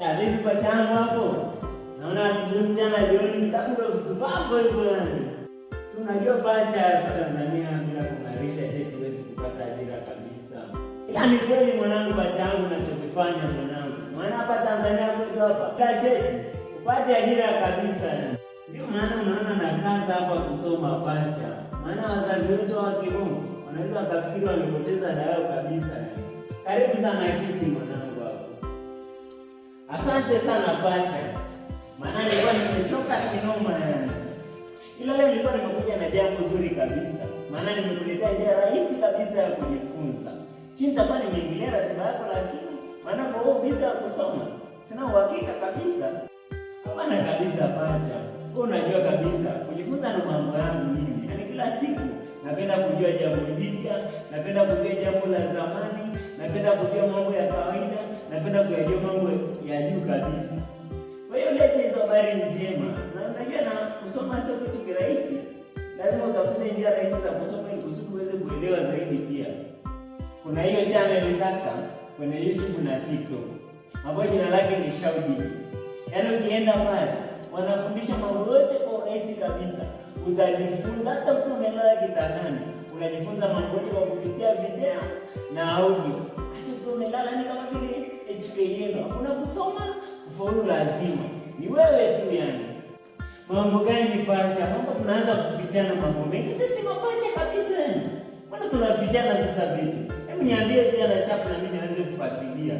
Vipi kwa changu hapo? Naona asubuhi mchana jioni vitabu ndio vitu vako hivyo yani. Si unajua pacha hapa Tanzania bila kung'arisha cheti huwezi kupata ajira kabisa. Yaani kweli mwanangu, pacha yangu nachokifanya mwanangu. Maana hapa Tanzania kwetu hapa bila upate ajira kabisa. Ndio maana unaona nakaza hapa kusoma pacha. Maana wazazi wetu wa Kibungu wanaweza wakafikiri wamepoteza dawa kabisa. Karibu sana kiti mwanangu. Asante sana pacha, maana nilikuwa nimechoka kinoma yani, ila leo nilikuwa nimekuja na jambo zuri kabisa, maana nimekuletea njia rahisi kabisa ya kujifunza. Chini nitakuwa nimeingilia ratiba yako, lakini maana kwa huo biza ya kusoma sina uhakika kabisa. Hapana kabisa wewe unajua kabisa kujifunza ni mambo yangu mimi, yaani kila siku napenda kujua jambo jipya, napenda kujua jambo la zamani, napenda kujua mambo ya kawaida, napenda kujua mambo juu kabisa. Kwa hiyo leti hizo habari njema, na unajua na kusoma sio kitu kirahisi, lazima utafute njia rahisi za kusoma ili kusudi uweze kuelewa zaidi. Pia kuna hiyo channel sasa kwenye YouTube na TikTok ambayo jina lake ni Shout Digital. Yaani ukienda pale wanafundisha mambo yote kwa urahisi kabisa, utajifunza hata ukiwa umelala kitandani unajifunza mambo yote kwa kupitia video na audio, hata ukiwa umelala ni yaani kama vile hichikenyeno hakuna kusoma faulu lazima ni wewe tu. Yani mambo gani pacha, mambo tunaanza kufichana mambo mengi. Sisi mapacha kabisa, yani mbona tunafichana sasa vitu? Hebu niambie kijana chapu na mimi nianze kufuatilia.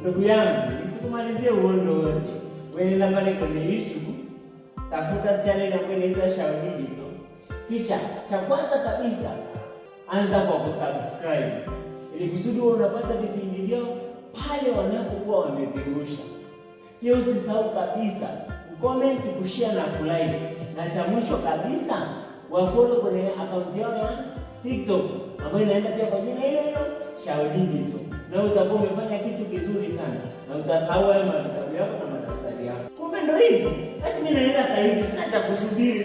Ndugu yangu, nisikumalizie uondo wote, weenda pale kwenye YouTube, tafuta channel ambayo inaitwa Shauri Digital, kisha cha kwanza kabisa anza kwa kusubscribe ili kusudi unapata vipindi vyao pale wanapokuwa wamepirusha. Hiyo usisahau kabisa comment, kushare na kulike, na cha mwisho kabisa wafollow kwenye akaunti yao ya TikTok ambayo inaenda pia kwa jina hilo hilo Shao Digital, na utakuwa umefanya kitu kizuri sana na utasahau hayo mavitabu yako na madaftari yako. Kumbe ndio hivyo basi, mimi naenda sasa hivi, sina cha kusubiri.